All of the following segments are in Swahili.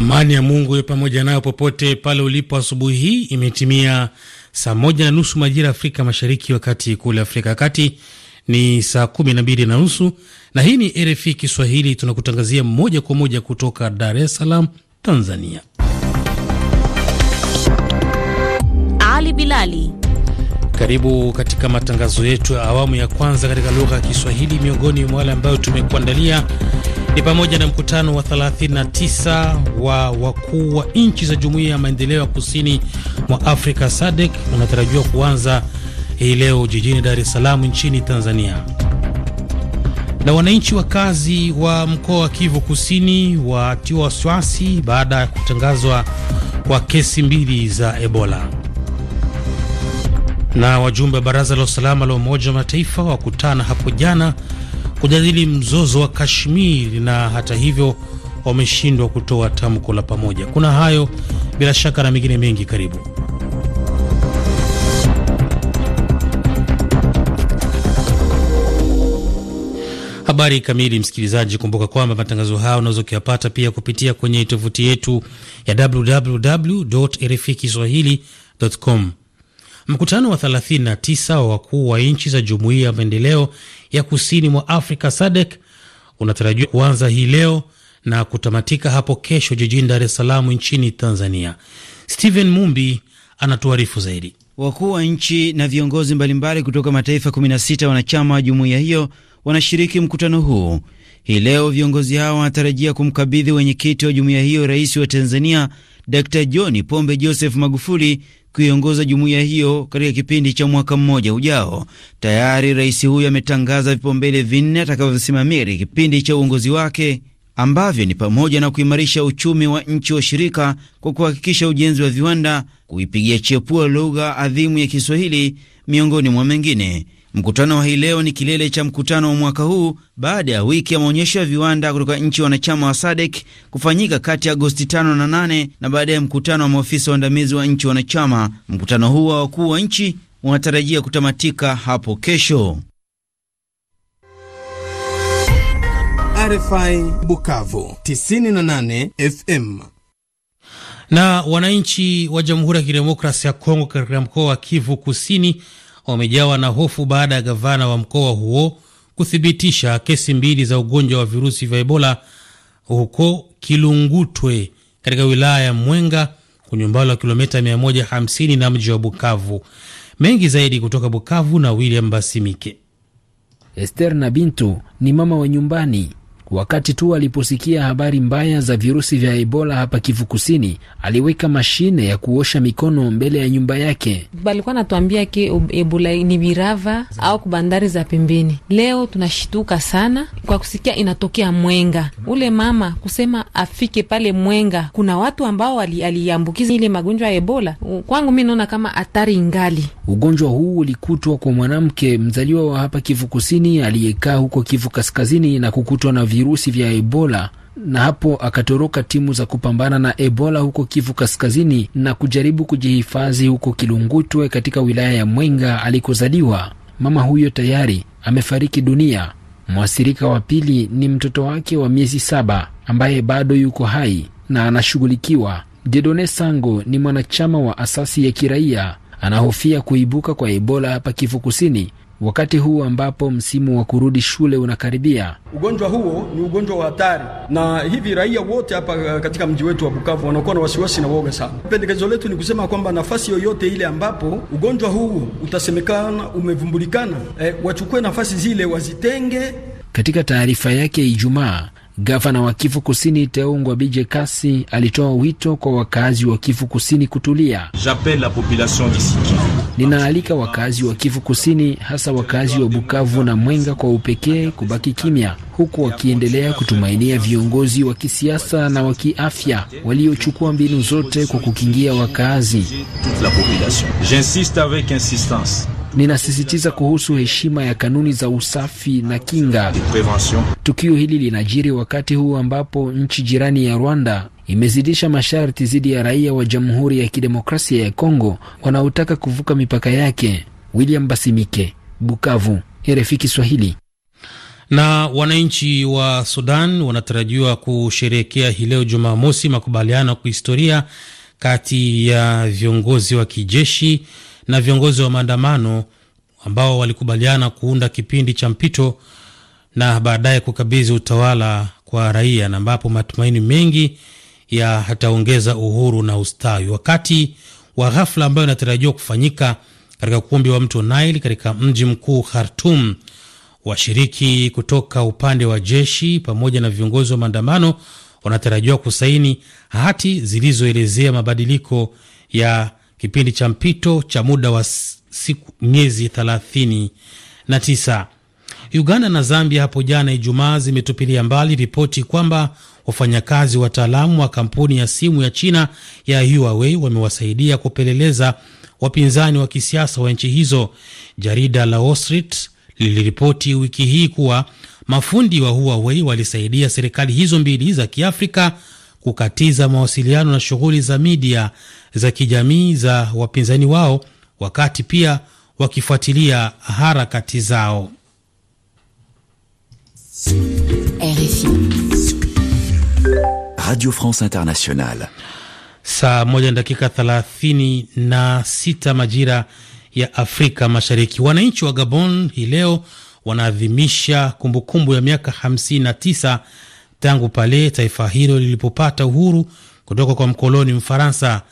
Amani ya Mungu iwe pamoja nayo popote pale ulipo. Asubuhi hii imetimia saa moja na nusu majira ya Afrika Mashariki, wakati kule Afrika ya Kati ni saa kumi na mbili na nusu na hii ni RFI Kiswahili, tunakutangazia moja kwa moja kutoka Dar es Salaam, Tanzania. Ali Bilali, karibu katika matangazo yetu ya awamu ya kwanza katika lugha ya Kiswahili, miongoni mwa wale ambayo tumekuandalia ni pamoja na mkutano wa 39 wa wakuu wa nchi za Jumuiya ya Maendeleo ya Kusini mwa Afrika SADC unatarajiwa kuanza hii leo jijini Dar es Salaam nchini Tanzania. Na wananchi wakazi wa mkoa wa Kivu Kusini watiwa wasiwasi baada ya kutangazwa kwa kesi mbili za Ebola. Na wajumbe wa Baraza la Usalama la Umoja wa Mataifa wakutana hapo jana kujadili mzozo wa Kashmir na hata hivyo wameshindwa kutoa tamko la pamoja. Kuna hayo bila shaka na mengine mengi, karibu Habari kamili, msikilizaji, kumbuka kwamba matangazo haya unaweza kuyapata pia kupitia kwenye tovuti yetu ya www RFI Kiswahili.com. Mkutano wa 39 wa wakuu wa nchi za Jumuiya ya Maendeleo ya Kusini mwa Afrika SADC unatarajiwa kuanza hii leo na kutamatika hapo kesho jijini Dar es Salaam nchini Tanzania. Stephen Mumbi anatuarifu zaidi. Wakuu wa nchi na viongozi mbalimbali kutoka mataifa 16 wanachama wa jumuiya hiyo wanashiriki mkutano huu hii leo. Viongozi hao wanatarajia kumkabidhi wenyekiti wa jumuiya hiyo, rais wa Tanzania Dr John Pombe Joseph Magufuli, kuiongoza jumuiya hiyo katika kipindi cha mwaka mmoja ujao. Tayari rais huyo ametangaza vipaumbele vinne atakavyosimamia katika kipindi cha uongozi wake ambavyo ni pamoja na kuimarisha uchumi wa nchi washirika kwa kuhakikisha ujenzi wa viwanda, kuipigia chepua lugha adhimu ya Kiswahili miongoni mwa mengine. Mkutano wa hii leo ni kilele cha mkutano wa mwaka huu baada ya wiki ya maonyesho ya viwanda kutoka nchi wanachama wa SADC kufanyika kati ya Agosti 5 na 8 na ya mkutano wa maofisa waandamizi wa nchi wanachama. Mkutano huu wa wakuu wa nchi unatarajia kutamatika hapo kesho. RFI Bukavu 98 FM na wananchi wa Jamhuri ya Kidemokrasia ya Kongo katika mkoa wa Kivu Kusini wamejawa na hofu baada ya gavana wa mkoa huo kuthibitisha kesi mbili za ugonjwa wa virusi vya Ebola huko Kilungutwe katika wilaya ya Mwenga kwenye umbali wa kilomita 150 na mji wa Bukavu. Mengi zaidi kutoka Bukavu na William Basimike. Ester na Bintu ni mama wa nyumbani Wakati tu aliposikia habari mbaya za virusi vya Ebola hapa Kivu Kusini, aliweka mashine ya kuosha mikono mbele ya nyumba yake. Balikuwa natuambia ke Ebola ni Birava au kubandari za pembeni. Leo tunashituka sana kwa kusikia inatokea Mwenga. Ule mama kusema afike pale Mwenga, kuna watu ambao aliambukiza ile magonjwa ya Ebola. Kwangu mi naona kama hatari ngali. Ugonjwa huu ulikutwa kwa mwanamke mzaliwa wa hapa Kivu Kusini aliyekaa huko Kivu Kaskazini na kukutwa na vi virusi vya Ebola na hapo akatoroka timu za kupambana na Ebola huko Kivu Kaskazini na kujaribu kujihifadhi huko Kilungutwe katika wilaya ya Mwenga alikozaliwa. Mama huyo tayari amefariki dunia. Mwathirika wa pili ni mtoto wake wa miezi saba ambaye bado yuko hai na anashughulikiwa. Jedone Sango ni mwanachama wa asasi ya kiraia, anahofia kuibuka kwa Ebola hapa Kivu Kusini wakati huu ambapo msimu wa kurudi shule unakaribia. Ugonjwa huo ni ugonjwa wa hatari, na hivi raia wote hapa eh, katika mji wetu wa Bukavu wanakuwa na wasiwasi na woga sana. Pendekezo letu ni kusema kwamba nafasi yoyote ile ambapo ugonjwa huu utasemekana umevumbulikana, e, wachukue nafasi zile wazitenge. Katika taarifa yake Ijumaa Gavana wa Kivu Kusini Teungwa Bije Kasi alitoa wito kwa wakazi wa Kivu Kusini kutulia. Ninaalika wakazi wa Kivu Kusini, hasa wakazi wa Bukavu na Mwenga kwa upekee, kubaki kimya, huku wakiendelea kutumainia viongozi wa kisiasa na wa kiafya waliochukua mbinu zote kwa kukingia wakazi. Ninasisitiza kuhusu heshima ya kanuni za usafi na kinga. Tukio hili linajiri wakati huu ambapo nchi jirani ya Rwanda imezidisha masharti dhidi ya raia wa Jamhuri ya Kidemokrasia ya Kongo wanaotaka kuvuka mipaka yake. William Basimike, Bukavu, RFI Kiswahili. Na wananchi wa Sudan wanatarajiwa kusherehekea hii leo Jumamosi makubaliano ya kihistoria kati ya viongozi wa kijeshi na viongozi wa maandamano ambao walikubaliana kuunda kipindi cha mpito na baadaye kukabidhi utawala kwa raia, na ambapo matumaini mengi ya hataongeza uhuru na ustawi. Wakati wa ghafla ambayo inatarajiwa kufanyika katika ukumbi wa mto Nile katika mji mkuu Khartum, washiriki kutoka upande wa jeshi pamoja na viongozi wa maandamano wanatarajiwa kusaini hati zilizoelezea mabadiliko ya kipindi cha mpito cha muda wa siku miezi 39. Uganda na Zambia hapo jana Ijumaa zimetupilia mbali ripoti kwamba wafanyakazi wataalamu wa kampuni ya simu ya China ya Huawei wamewasaidia kupeleleza wapinzani wa kisiasa wa nchi hizo. Jarida la Wall Street liliripoti wiki hii kuwa mafundi wa Huawei walisaidia serikali hizo mbili za Kiafrika kukatiza mawasiliano na shughuli za midia za kijamii za wapinzani wao wakati pia wakifuatilia harakati zao. RFI. Radio France Internationale. Saa moja na dakika thelathini na sita majira ya Afrika Mashariki. Wananchi wa Gabon hii leo wanaadhimisha kumbukumbu ya miaka 59 tangu pale taifa hilo lilipopata uhuru kutoka kwa mkoloni Mfaransa.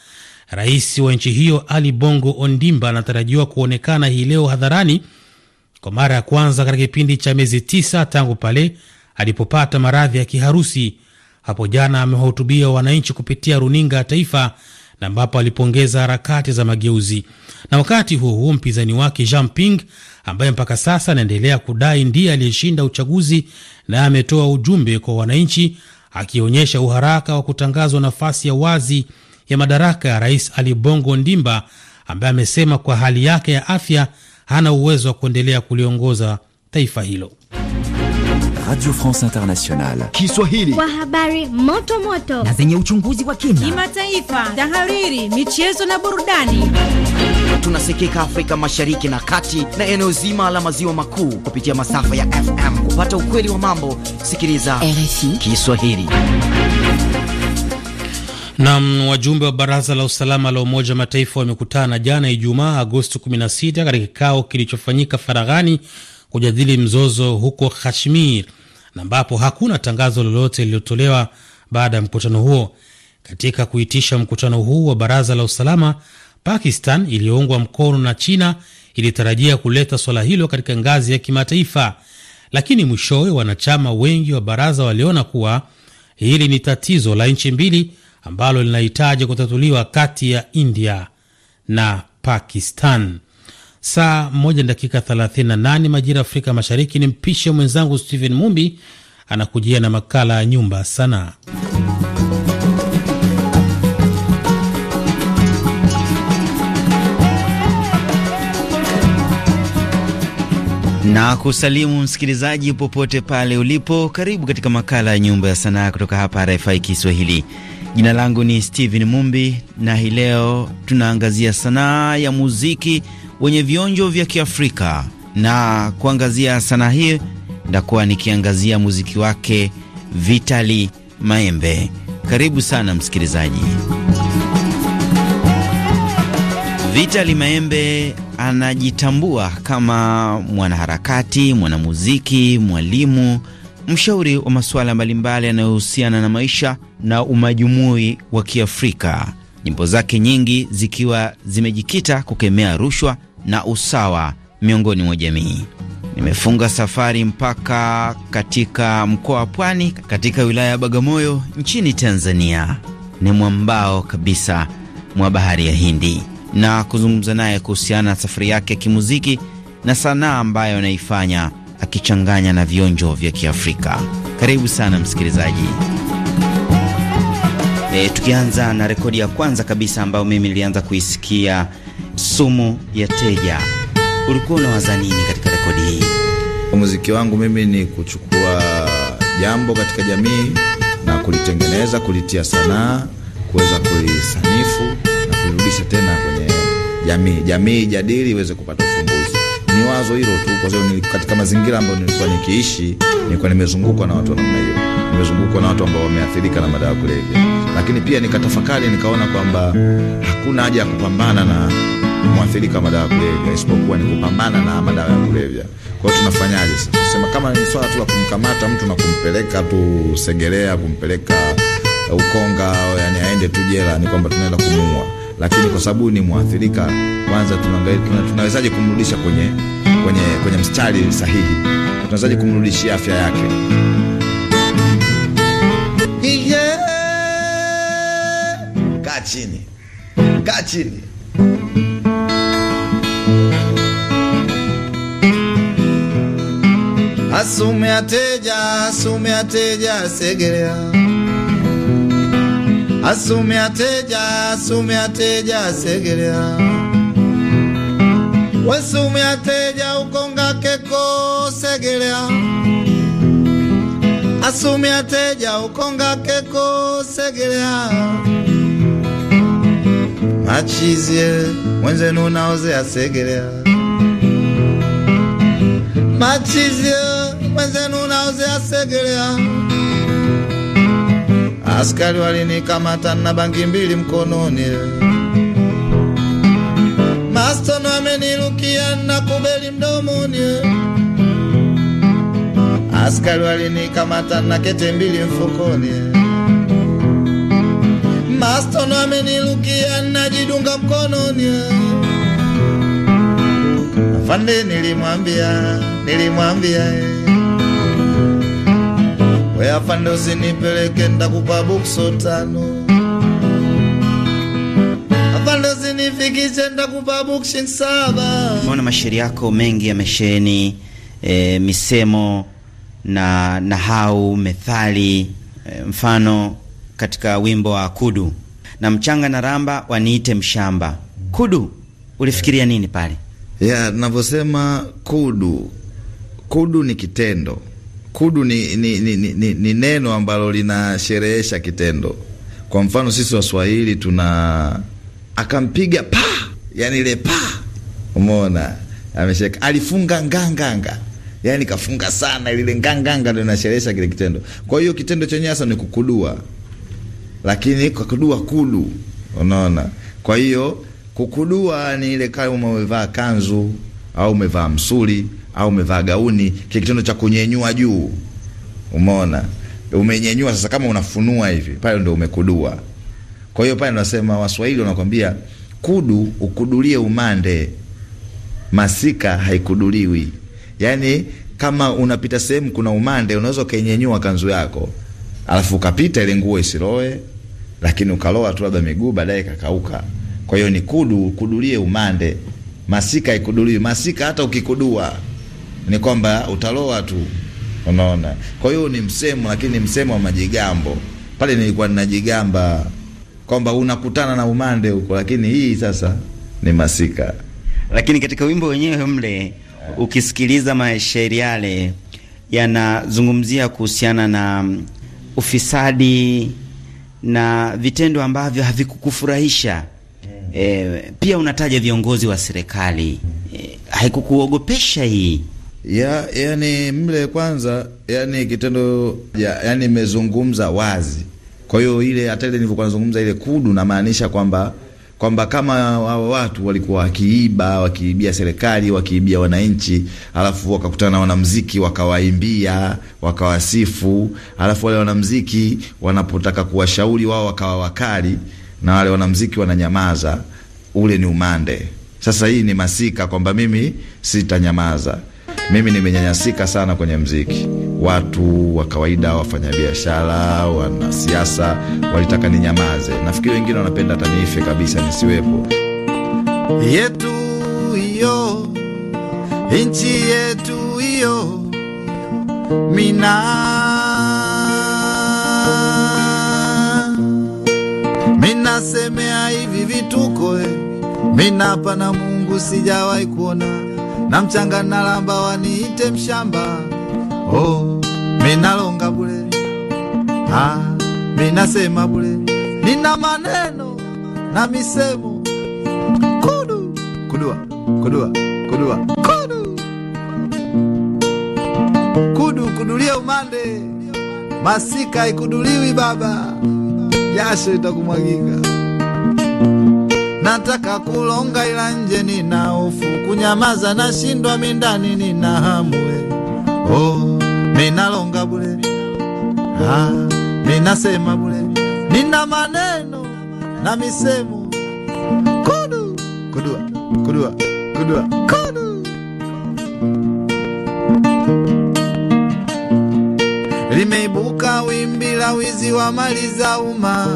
Rais wa nchi hiyo Ali Bongo Ondimba anatarajiwa kuonekana hii leo hadharani kwa mara ya kwanza katika kipindi cha miezi tisa tangu pale alipopata maradhi ya kiharusi hapo jana. Amewahutubia wananchi kupitia runinga ya taifa na ambapo alipongeza harakati za mageuzi. Na wakati huo huo, mpinzani wake Jean Ping ambaye mpaka sasa anaendelea kudai ndiye aliyeshinda uchaguzi, naye ametoa ujumbe kwa wananchi akionyesha uharaka wa kutangazwa nafasi ya wazi ya madaraka ya Rais Ali Bongo Ndimba, ambaye amesema kwa hali yake ya afya hana uwezo wa kuendelea kuliongoza taifa hilo. Radio France Internationale Kiswahili kwa habari moto moto na zenye uchunguzi wa kina, kimataifa, tahariri, michezo na burudani. Tunasikika Afrika Mashariki na Kati na eneo zima la maziwa makuu kupitia masafa ya FM. Kupata ukweli wa mambo, sikiliza RFI Kiswahili. Nam, wajumbe wa Baraza la Usalama la Umoja wa Mataifa wamekutana jana Ijumaa, Agosti 16 katika kikao kilichofanyika faraghani kujadili mzozo huko Kashmir na ambapo hakuna tangazo lolote lililotolewa baada ya mkutano huo. Katika kuitisha mkutano huu wa Baraza la Usalama, Pakistan iliyoungwa mkono na China ilitarajia kuleta swala hilo katika ngazi ya kimataifa, lakini mwishowe wanachama wengi wa baraza waliona kuwa hili ni tatizo la nchi mbili ambalo linahitaji kutatuliwa kati ya India na Pakistan. Saa moja na dakika 38 majira Afrika Mashariki. Ni mpishe mwenzangu Stephen Mumbi anakujia na makala ya nyumba sanaa. na kusalimu msikilizaji popote pale ulipo, karibu katika makala ya nyumba ya sanaa kutoka hapa RFI Kiswahili. Jina langu ni Steven Mumbi na hii leo tunaangazia sanaa ya muziki wenye vionjo vya Kiafrika, na kuangazia sanaa hii ndakuwa nikiangazia muziki wake Vitali Maembe. Karibu sana msikilizaji. Vitali Maembe anajitambua kama mwanaharakati, mwanamuziki, mwalimu, mshauri wa masuala mbalimbali yanayohusiana na maisha na umajumui wa Kiafrika, nyimbo zake nyingi zikiwa zimejikita kukemea rushwa na usawa miongoni mwa jamii. Nimefunga safari mpaka katika mkoa wa Pwani, katika wilaya ya Bagamoyo nchini Tanzania, ni mwambao kabisa mwa bahari ya Hindi, na kuzungumza naye kuhusiana na safari yake ya kimuziki na sanaa ambayo anaifanya akichanganya na vionjo vya Kiafrika. Karibu sana msikilizaji. E, tukianza na rekodi ya kwanza kabisa ambayo mimi nilianza kuisikia sumu ya teja, ulikuwa unawaza nini katika rekodi hii? Muziki wangu mimi ni kuchukua jambo katika jamii na kulitengeneza, kulitia sanaa, kuweza kulisanifu na kulirudisha tena kwenye jamii, jamii jadili iweze kupata ni wazo hilo tu, kwa sababu katika mazingira ambayo nilikuwa nikiishi nilikuwa nimezungukwa na watu wa namna hiyo, nimezungukwa na watu ambao wameathirika na madawa kulevya. Lakini pia nikatafakari, nikaona kwamba hakuna haja ya kupambana na mwathirika wa madawa kulevya isipokuwa ni kupambana na madawa ya kulevya. Kwa hiyo tunafanyaje sasa? Sema kama ni swala tu la kumkamata mtu na kumpeleka tu Segerea, kumpeleka Ukonga, yani aende tu jela, ni kwamba tunaenda kumuua lakini kwa sababu ni mwathirika, kwanza tunaangalia tunawezaje kumrudisha kwenye, kwenye, kwenye mstari sahihi, tunawezaje kumrudishia afya yake yeah. Kaa chini, kaa chini asume ateja, asume ateja, segelea asume ateja asume ateja asegerea wesume ateja ukonga keko segerea asume ateja ukonga keko segerea machizie mwenzenu naoze asegerea machizie mwenzenu naoze asegerea Askari walinikamata na bangi mbili mkononi, mastono amenirukia na kubeli mdomoni. Askari walinikamata na kete mbili mfukoni, mastono amenirukia na jidunga mkononi. Afande nilimwambia, nilimwambia eh weyafa ndo usinipeleke ndakupa bokso tano zinifike ndakupa boxing saba. Mbona mashairi yako mengi yamesheni e, misemo na nahau methali e, mfano katika wimbo wa Kudu na mchanga na ramba waniite mshamba. Kudu ulifikiria nini pale? Yeah, navyosema kudu, kudu ni kitendo kudu ni, ni, ni, ni, ni ni neno ambalo linasherehesha kitendo. Kwa mfano sisi Waswahili tuna akampiga pa, yani ile pa, umeona amesheka, alifunga nganganga, yani kafunga sana, lile nganganga ndio inasherehesha kile kitendo. Kwa hiyo kitendo chenyewe hasa ni kukudua, lakini kukudua kudu, unaona. Kwa hiyo kukudua ni ile kama umevaa kanzu au umevaa msuli au umevaa gauni, kile kitendo cha kunyenyua juu, umeona umenyenyua. Sasa kama unafunua hivi, pale ndo umekudua. Kwa hiyo pale nasema Waswahili wanakwambia kudu ukudulie umande, masika haikuduliwi. Yani kama unapita sehemu kuna umande, unaweza ukainyenyua kanzu yako alafu ukapita ile nguo isiloe, lakini ukaloa tu labda miguu, baadaye kakauka. Kwa hiyo ni kudu ukudulie umande, masika haikuduliwi. Masika hata ukikudua ni kwamba utaloa tu, unaona. Kwa hiyo ni msemo, lakini ni msemo wa majigambo. Pale nilikuwa ninajigamba kwamba unakutana na umande huko, lakini hii sasa ni masika. Lakini katika wimbo wenyewe mle, ukisikiliza mashairi yale yanazungumzia kuhusiana na mm, ufisadi na vitendo ambavyo havikukufurahisha. E, pia unataja viongozi wa serikali. E, haikukuogopesha hii? ya yani mle kwanza, yani kitendo ya, yani imezungumza wazi. Kwa hiyo ile hata ile nilivyokuwa nazungumza ile kudu, namaanisha kwamba kwamba kama wao watu walikuwa wakiiba, wakiibia serikali, wakiibia wananchi, alafu wakakutana na wanamziki wakawaimbia, wakawasifu, alafu wale wanamziki wanapotaka kuwashauri wao wakawa wakali na wale wanamuziki wananyamaza, ule ni umande. Sasa hii ni masika kwamba mimi sitanyamaza. Mimi nimenyanyasika sana kwenye mziki. Watu wa kawaida, wafanyabiashara, wanasiasa walitaka ninyamaze. Nafikiri wengine wanapenda hata niife kabisa, nisiwepo. yetu hiyo, nchi yetu hiyo, mina minasemea hivi vituko, eh. mina na Mungu sijawahi kuona na mchanga nalamba waniite mshamba. Oh, minalonga bule, ah, minasema bule, nina maneno na misemo kudu kudua kudua kudua kudu kudu kudulia umande masika ikuduliwi baba, jasho itakumwagika. Nataka kulonga ila nje nina hofu, kunyamaza na shindwa, mindani nina hamwe. Oh, minalonga bule, ah, minasema bule, nina maneno na misemo kudu kudua kudua kudua kudu. Limeibuka wimbi la wizi wa mali za umma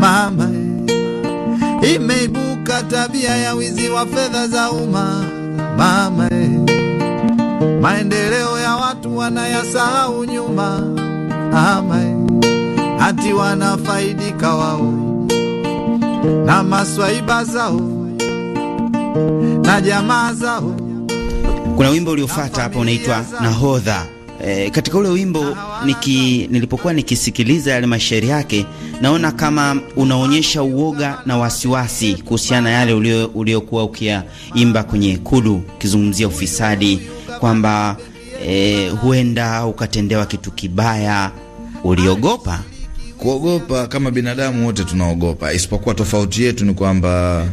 mama imeibuka tabia ya wizi wa fedha za umma mama e. Maendeleo ya watu wanayasahau nyuma ama e. Eh. Hati wanafaidika wao na maswaiba zao na jamaa zao. Kuna wimbo uliofuata hapa unaitwa Nahodha. E, katika ule wimbo niki, nilipokuwa nikisikiliza yale mashairi yake, naona kama unaonyesha uoga na wasiwasi kuhusiana na yale uliokuwa ukiyaimba kwenye Ikulu ukizungumzia ufisadi kwamba e, huenda ukatendewa kitu kibaya. Uliogopa? Kuogopa kama binadamu wote tunaogopa, isipokuwa tofauti yetu ni kwamba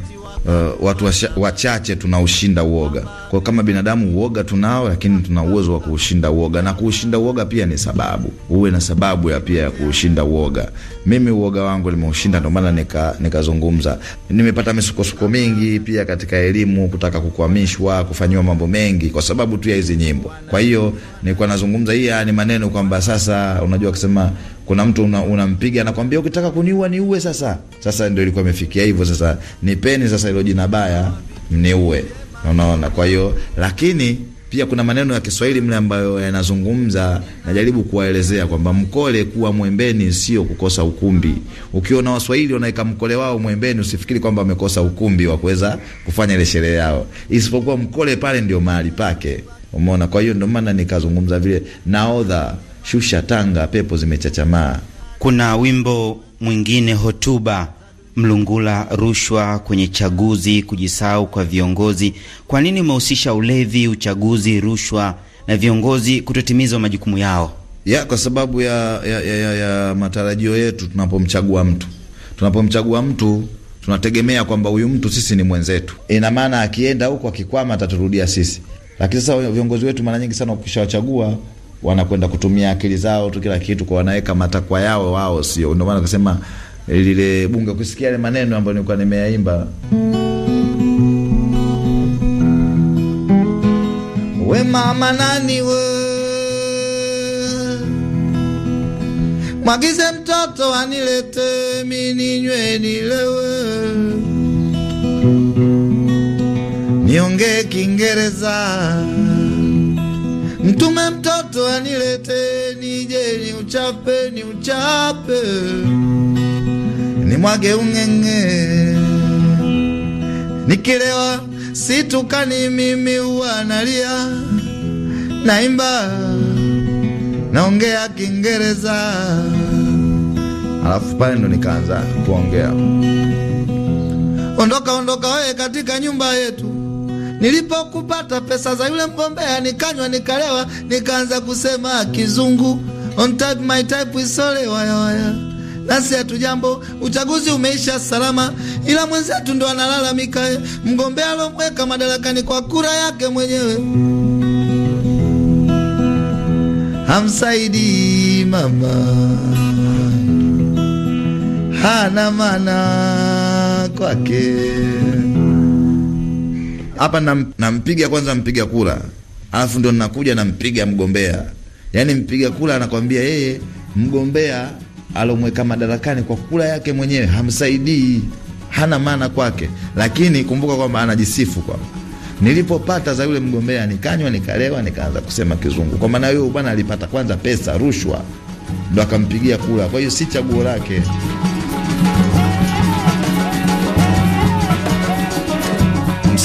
uh, watu wachache tunaushinda uoga. Kwa kama binadamu uoga tunao, lakini tuna uwezo wa kuushinda uoga, na kuushinda uoga pia ni sababu. Uwe na sababu ya pia ya kuushinda uoga. Mimi uoga wangu nimeushinda, ndio maana nika nikazungumza. Nimepata misukosuko mingi pia katika elimu, kutaka kukwamishwa, kufanyiwa mambo mengi kwa sababu tu ya hizi nyimbo. Kwa hiyo nilikuwa nazungumza hii ni maneno kwamba sasa, unajua kusema kuna mtu unampiga una anakwambia ukitaka kuniua niue sasa. Sasa ndio ilikuwa imefikia hivyo, sasa nipeni sasa hilo jina baya mniue. Unaona, kwa hiyo lakini pia kuna maneno ya Kiswahili mle ambayo yanazungumza, najaribu kuwaelezea kwamba mkole kuwa mwembeni sio kukosa ukumbi. Ukiona Waswahili wanaweka mkole wao mwembeni, usifikiri kwamba wamekosa ukumbi wa kuweza kufanya ile sherehe yao, isipokuwa mkole pale ndio mahali pake. Umeona? Kwa hiyo ndio maana nikazungumza vile naodha shusha tanga, pepo zimechachamaa. Kuna wimbo mwingine hotuba mlungula rushwa kwenye chaguzi, kujisahau kwa viongozi. Kwa nini umehusisha ulevi, uchaguzi, rushwa na viongozi kutotimiza majukumu yao? Ya, kwa sababu ya, ya, ya, ya matarajio yetu tunapomchagua mtu, tunapomchagua mtu tunategemea kwamba huyu mtu sisi ni mwenzetu. Ina maana akienda huko akikwama ataturudia sisi, lakini sasa viongozi wetu mara nyingi sana ukishawachagua wanakwenda kutumia akili zao tu kila kitu, kwa wanaweka matakwa yao wao, sio? Ndio maana akasema eh, lile bunge kusikia yale maneno ambayo nilikuwa nimeyaimba we mama nani we mwagize mtoto anilete mininywe nilewe niongee Kiingereza Mtume mtoto anilete nije ni uchape ni uchape, ni mwage ung'eng'e, nikilewa situkani mimi, huwa nalia, naimba, naongea Kiingereza. Alafu pale ndo nikaanza kuongea, ondoka ondoka we katika nyumba yetu Nilipokupata pesa za yule mgombea, nikanywa nikalewa, nikaanza kusema kizungu on type my type isole waya waya. Nasi hatujambo, uchaguzi umeisha salama, ila mwenzetu ndo analalamika, mgombea alomweka madarakani kwa kura yake mwenyewe hamsaidi mama hana maana kwake hapa nampiga na kwanza mpiga kura, alafu ndo nakuja nampiga mgombea. Yani mpiga kura anakwambia yeye mgombea alomweka madarakani kwa kura yake mwenyewe hamsaidii, hana maana kwake. Lakini kumbuka kwamba anajisifu kwamba nilipopata za yule mgombea nikanywa, nikalewa, nikaanza kusema kizungu. Kwa maana huyo bwana alipata kwanza pesa, rushwa, ndo akampigia kura. Kwa hiyo si chaguo lake.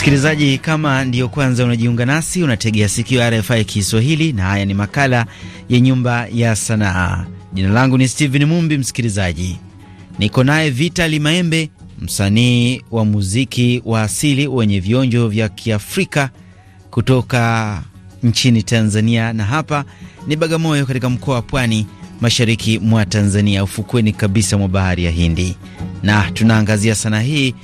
Msikilizaji, kama ndiyo kwanza unajiunga nasi, unategea sikio RFI Kiswahili na haya ni makala ya Nyumba ya Sanaa. Jina langu ni Steven Mumbi. Msikilizaji, niko naye Vitali Maembe, msanii wa muziki wa asili wenye vionjo vya Kiafrika kutoka nchini Tanzania, na hapa ni Bagamoyo katika mkoa wa Pwani, mashariki mwa Tanzania, ufukweni kabisa mwa bahari ya Hindi, na tunaangazia sanaa hii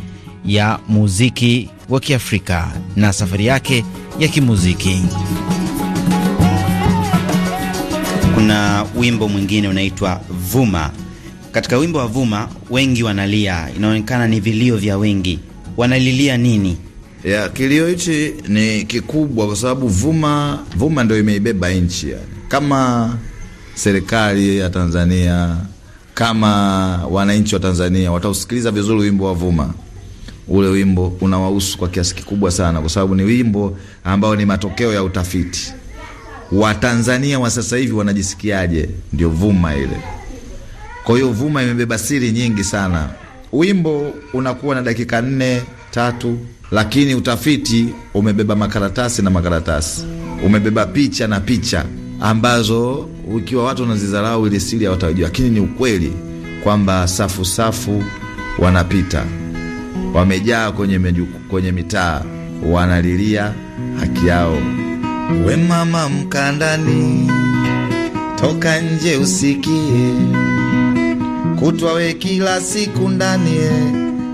ya muziki wa Kiafrika na safari yake ya kimuziki. Kuna wimbo mwingine unaitwa Vuma. Katika wimbo wa Vuma wengi wanalia, inaonekana ni vilio vya wengi. Wanalilia nini? Ya, kilio hichi ni kikubwa kwa sababu Vuma, Vuma ndio imeibeba nchi yani. Kama serikali ya Tanzania, kama wananchi wa Tanzania watausikiliza vizuri wimbo wa Vuma ule wimbo unawahusu kwa kiasi kikubwa sana, kwa sababu ni wimbo ambao ni matokeo ya utafiti. Watanzania wa sasa hivi wanajisikiaje? Ndio Vuma ile. Kwa hiyo Vuma imebeba siri nyingi sana. Wimbo unakuwa na dakika nne tatu, lakini utafiti umebeba makaratasi na makaratasi, umebeba picha na picha ambazo ukiwa watu wanazidharau ile siri hawatajua, lakini ni ukweli kwamba safu safu wanapita wamejaa kwenye, mejuku, kwenye mitaa wanalilia haki yao. We mama mkandani, toka nje usikie, kutwa we kila siku ndani,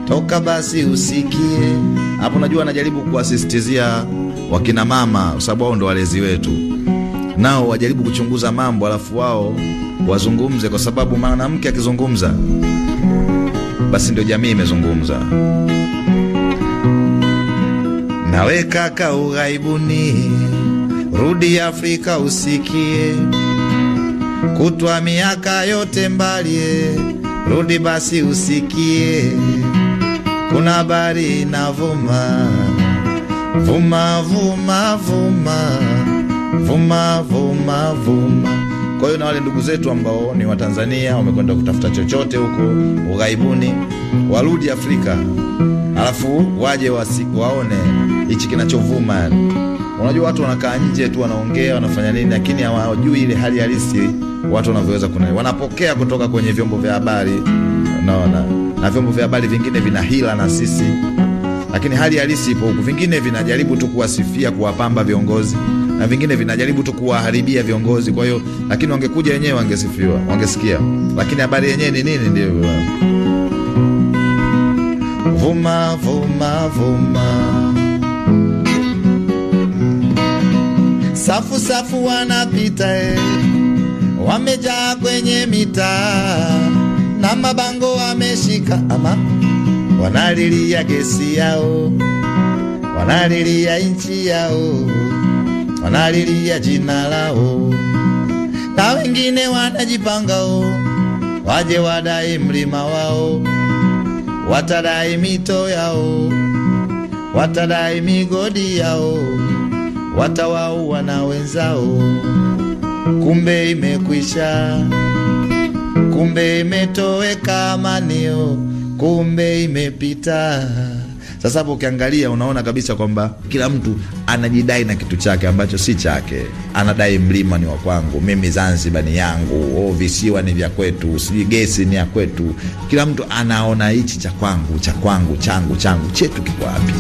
toka basi usikie. Hapo najua anajaribu kuwasisitizia wakina mama, sababu wao ndo walezi wetu, nao wajaribu kuchunguza mambo, alafu wao wazungumze, kwa sababu mwanamke akizungumza basi ndio jamii imezungumza. Nawe kaka ughaibuni, rudi Afrika usikie, kutwa miaka yote mbali, rudi basi usikie, kuna habari inavuma vuma vuma vuma vuma vuma vuma kwa hiyo na wale ndugu zetu ambao ni Watanzania wamekwenda kutafuta chochote huko ughaibuni warudi Afrika, alafu waje wasiku waone hichi kinachovuma yani. Unajua watu wanakaa nje tu wanaongea wanafanya nini, lakini hawajui ile hali halisi watu wanavyoweza kuna wanapokea kutoka kwenye vyombo vya habari naona na, na vyombo vya habari vingine vina hila na sisi, lakini hali halisi ipo huku. Vingine vinajaribu tu kuwasifia kuwapamba viongozi na vingine vinajaribu tu kuwaharibia viongozi. Kwa hiyo lakini wangekuja wenyewe wangesifiwa, wangesikia, lakini habari yenyewe ni nini? Ndio vuma vuma vuma Safu safu wanapita eh, wamejaa kwenye mitaa na mabango wameshika, ama wanalilia gesi yao, wanalilia nchi yao wanalilia jina lao, na wengine wanajipanga o waje wadai mlima wao, watadai mito yao, watadai migodi yao, watawaua na wenzao. Kumbe imekwisha, kumbe imetoweka manio, kumbe imepita. Sasa hapo ukiangalia, unaona kabisa kwamba kila mtu anajidai na kitu chake ambacho si chake. Anadai mlima ni wa kwangu, mimi Zanzibar ni yangu, oh, visiwa ni vya kwetu, sijui gesi ni ya kwetu. Kila mtu anaona hichi cha kwangu, cha kwangu, changu, changu, chetu kiko wapi?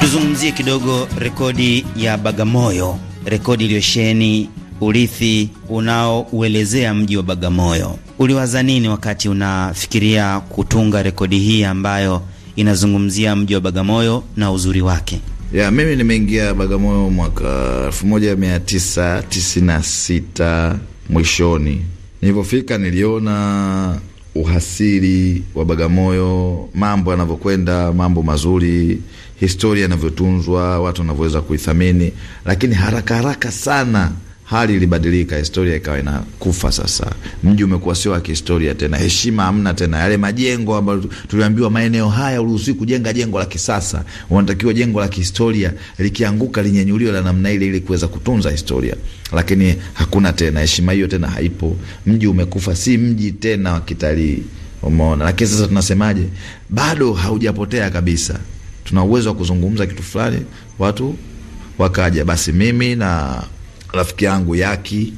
Tuzungumzie kidogo rekodi ya Bagamoyo, rekodi iliyosheni urithi unaouelezea mji wa Bagamoyo uliwaza nini wakati unafikiria kutunga rekodi hii ambayo inazungumzia mji wa Bagamoyo na uzuri wake? Ya, mimi nimeingia Bagamoyo mwaka 1996 mwishoni. Nilipofika niliona uhasiri wa Bagamoyo, mambo yanavyokwenda, mambo mazuri, historia inavyotunzwa, watu wanavyoweza kuithamini, lakini haraka haraka sana hali ilibadilika, historia ikawa inakufa. Sasa mji umekuwa sio wa kihistoria tena, heshima hamna tena. Yale majengo ambayo tuliambiwa maeneo haya uruhusi kujenga jengo la kisasa, unatakiwa jengo la kihistoria, likianguka linyenyuliwe la namna ile, ili kuweza kutunza historia, lakini hakuna tena heshima hiyo, tena haipo. Mji umekufa, si mji tena wa kitalii, umeona. Lakini sasa tunasemaje? Bado haujapotea kabisa, tuna uwezo wa kuzungumza kitu fulani, watu wakaja, basi mimi na rafiki yangu Yaki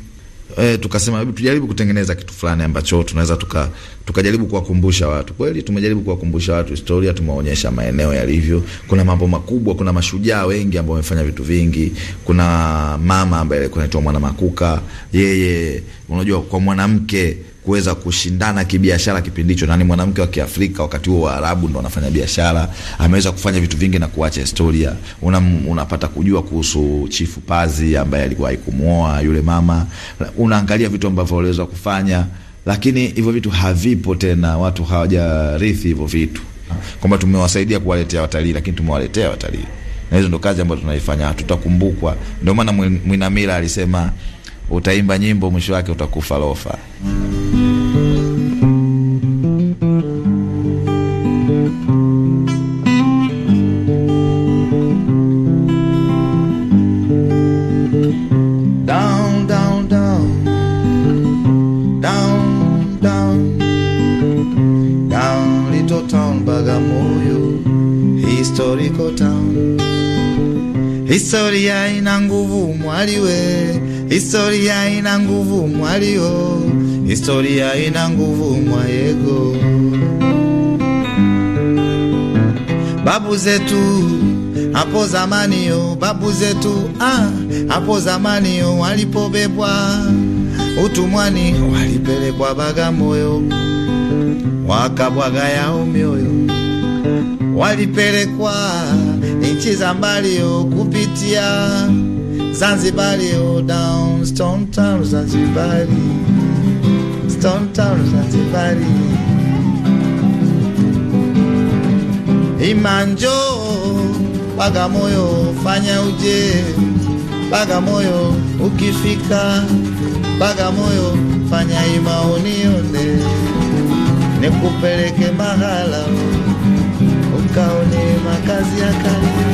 e, tukasema hebu tujaribu kutengeneza kitu fulani ambacho tunaweza tuka tukajaribu kuwakumbusha watu. Kweli tumejaribu kuwakumbusha watu historia, tumewaonyesha maeneo yalivyo. Kuna mambo makubwa, kuna mashujaa wengi ambao wamefanya vitu vingi. Kuna mama ambaye alikuwa anaitwa Mwana Makuka, yeye unajua, kwa mwanamke kuweza kushindana kibiashara kipindi hicho, na ni mwanamke wa Kiafrika wakati huo, Waarabu ndo wanafanya biashara. Ameweza kufanya vitu vingi na kuacha historia. Una, unapata kujua kuhusu Chifu Pazi ambaye alikuwa haikumuoa yule mama, unaangalia vitu ambavyo waliweza kufanya, lakini hivyo vitu havipo tena, watu hawajarithi hivyo vitu, kwamba tumewasaidia kuwaletea watalii, lakini tumewaletea watalii na hizo ndo kazi ambazo tunaifanya, tutakumbukwa. Ndio maana Mwinamila alisema, utaimba nyimbo mwisho wake utakufa lofa. mm. Historia ina nguvu mwaliwe, historia ina nguvu mwalio, historia ina nguvu mwayego. Babu zetu hapo zamanio, babu zetu ah, hapo zamanio walipobebwa utumwani, walipelekwa Bagamoyo wakabwaga yao mioyo walipelekwa nchi za mbali kupitia Zanzibari, oh down Stone Town Zanzibari, Stone Town Zanzibari, Imanjo, Bagamoyo, fanya uje Bagamoyo, ukifika Bagamoyo fanya imaonione, nikupeleke mahala ukaone makazi ya kale.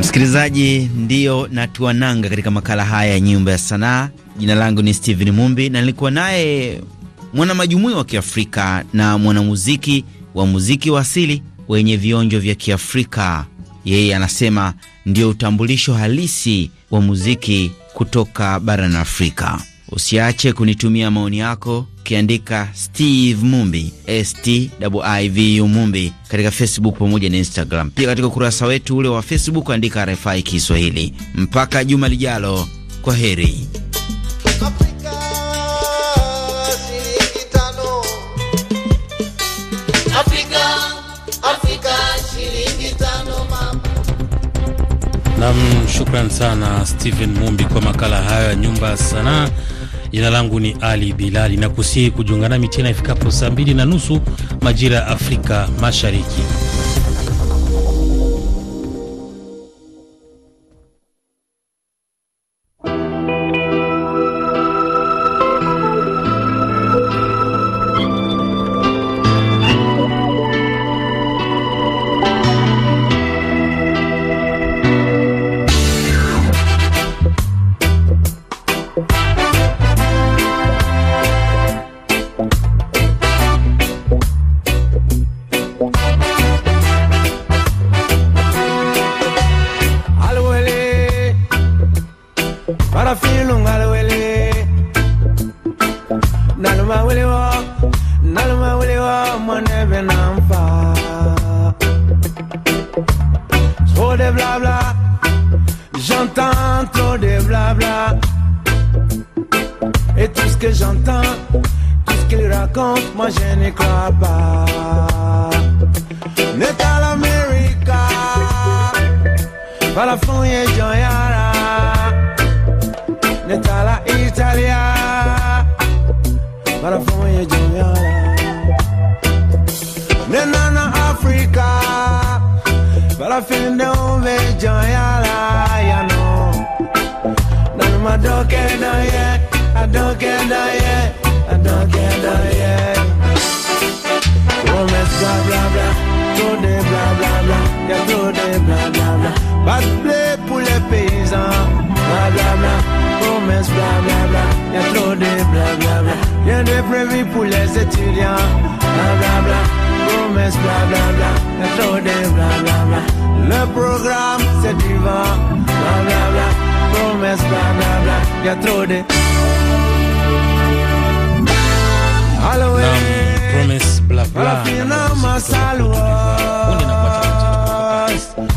Msikilizaji, ndiyo natuananga katika makala haya ya nyumba ya sanaa. Jina langu ni Steven Mumbi na nilikuwa naye mwanamajumui wa Kiafrika na mwanamuziki wa muziki wa asili wenye vionjo vya Kiafrika. Yeye anasema ndio utambulisho halisi wa muziki kutoka barani Afrika. Usiache kunitumia maoni yako ukiandika Steve Mumbi Stivu Mumbi katika Facebook pamoja na Instagram, pia katika ukurasa wetu ule wa Facebook andika RFI Kiswahili. Mpaka juma lijalo, kwa heri. Nam, shukran sana Stephen Mumbi kwa makala hayo ya nyumba ya sanaa. Jina langu ni Ali Bilali na kusihi kujiunga nami tena ifikapo saa mbili na nusu majira ya Afrika Mashariki. Natala Italia Para fome e joyala Nana Africa Para fin de ove joyala Ya no Nanuma doke doye Adoke doye Adoke doye Women's blah blah blah Go de blah blah blah Yeah go de blah blah blah Bad play bla y y'a trop de bla Rien de prévu pour les étudiants, blabla, Promesse, y y'a trop de bla Le programme, c'est du vent, bla Promesse, y y'a trop de. Halloween. Nam, eh. promise, bla bla.